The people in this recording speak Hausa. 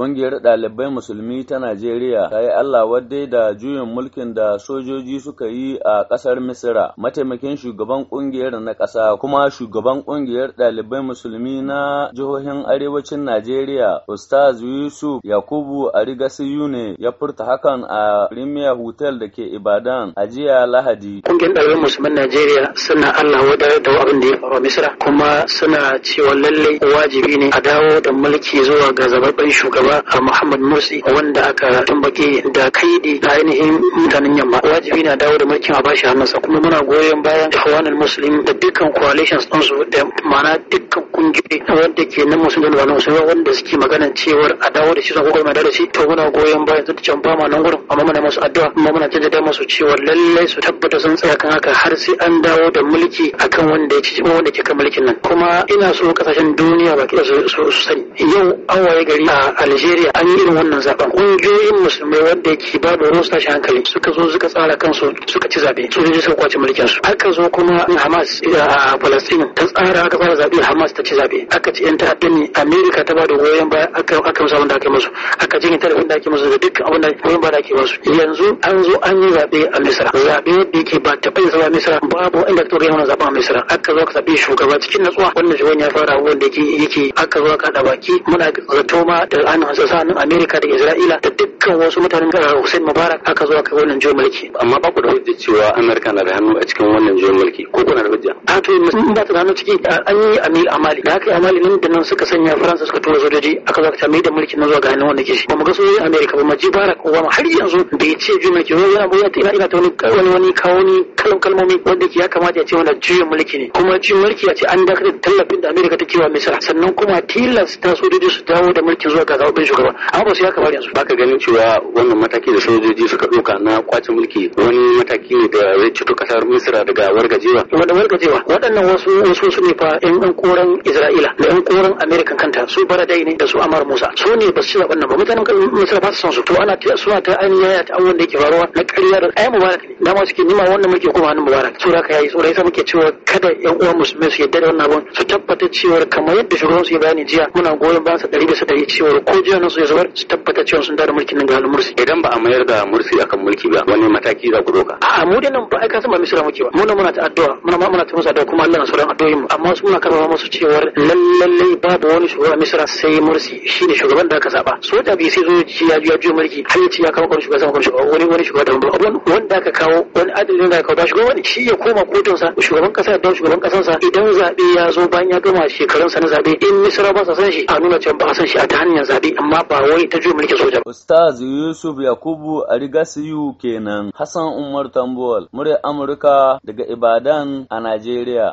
Ƙungiyar ɗalibai musulmi ta Najeriya ta yi Allah wadda da juyin mulkin da sojoji suka yi a ƙasar Misira. Mataimakin shugaban ƙungiyar na ƙasa kuma shugaban ƙungiyar ɗalibai musulmi na jihohin arewacin Najeriya, Ustaz Yusuf Yakubu Arigasi Yune ya furta hakan a Premier Hotel da ke Ibadan a jiya Lahadi. Ƙungiyar ɗalibai musulmin Najeriya suna Allah wadda da abin da ya faru Misira kuma suna cewa lallai wajibi ne a dawo da mulki zuwa ga zababben shugaban a Muhammad Morsi wanda aka tambake da kaidi da ainihin mutanen yamma wajibi na dawo da mulkin a bashi hannunsa kuma muna goyon bayan Ikhwanul Muslim da dukkan coalitions din su da ma'ana dukkan kungiyoyi wanda ke nan musulmi da musulmi wanda suke magana cewar a dawo da shi zan kokarin da shi to muna goyon bayan su can ba ma nan gurin amma muna musu addu'a amma muna jaddada musu cewa lallai su tabbata sun tsaya kan haka har sai an dawo da mulki akan wanda ya ci wanda ke kan mulkin nan kuma ina so kasashen duniya baki su sani yau an waye gari a Najeriya an yi irin wannan zaben ƙungiyoyin musulmai wanda ke ba da ruwan tashi hankali suka zo suka tsara kansu suka ci zaɓe su ne suka kwace mulkin su aka zo kuma Hamas a Palestine ta tsara aka tsara zaɓe Hamas ta ci zaɓe aka ci yan ta'adda ne Amerika ta ba da goyon baya aka aka musa wanda ake yi musu aka jin ta da wanda ake musu da duk abin da goyon baya ake musu yanzu an zo an yi zaɓe a Misra zabe da yake ba ta bai zama Misra babu inda ta gaya mana zaben a Misra aka zo aka zaɓe shugaba cikin natsuwa wannan shugaban ya fara wanda yake yake aka zo aka da baki muna zato ma da an tsakanin tsakanin Amerika da Isra'ila da duk dukkan wasu mutanen da Hussein Mubarak aka zo aka wannan juyin mulki amma ba ku da hujja cewa Amerika na da hannu a cikin wannan juyin mulki ko kuna da hujja a to in ba ta hannu ciki an yi amil amali da aka yi amali nan da nan suka sanya Faransa suka tura sojoji aka zo aka mai da mulki na zuwa ga hannun wanda ke shi ba mu ga sojojin Amerika ba maji Barak Obama har yanzu da ya ce juyin mulki yana buya ta ina ta wani wani kawo ni kalmomi wanda ke ya kamata ya ce wannan juyin mulki ne kuma juyin mulki ya ce an dakatar da tallafin da Amerika take wa Misra sannan kuma tilasta sojoji su dawo da mulki zuwa ga zaɓen shugaba amma ba su ya kamar yanzu ba ka ganin cewa wannan mataki da sojoji suka ɗauka na kwace mulki wani mataki ne da ya cito kasar misira daga wargajewa wadda wargajewa waɗannan wasu wasu su ne fa yan ɗan koren isra'ila da yan koren amerikan kanta su baradai ne da su amar musa su ne ba su ci wannan ba mutanen misira ba su san su to ana ta suna ta an yaya ta abubuwan da yake faruwa na ƙarya da ayi mubarak ne dama suke nima wannan muke kuma hannun mubarak tsora ka yayi tsora yasa muke cewa kada yan uwan musulmai su yadda da wannan abun su tabbata cewa kamar yadda shugaban su ya bayani jiya muna goyon bayan sa ɗari bisa ɗari cewa ko jiya nan su ya zubar su tabbata cewa sun da mulkin hannun ga hannun mursi idan ba a mayar da mursi akan mulki ba wani mataki za ku doka a'a mu dai nan ba aika sama misira muke ba mu nan muna ta addu'a muna ma muna ta musa da kuma Allah na sauran addu'o'in mu amma su muna karama musu cewar lalle babu wani shugaba misira sai mursi shine shugaban da aka saba soja bi sai zo ji ya ya juya mulki har ci ya kawo kan shugaba sama kan shugaba wani wani shugaba da wani wanda aka kawo wani adalin da aka kawo da shugaba ne shi ya koma kotun sa shugaban kasa da shugaban kasan sa idan zabe ya zo bayan ya gama shekarun sa na zabe in misira ba sa san shi a nuna cewa ba san shi a ta hanyar zabe amma ba wai ta juya mulki soja ba Ustaz Yusuf Yakubu Arigasiyu kenan. Hassan Umar Tambuwal, murya Amurka daga Ibadan a Najeriya.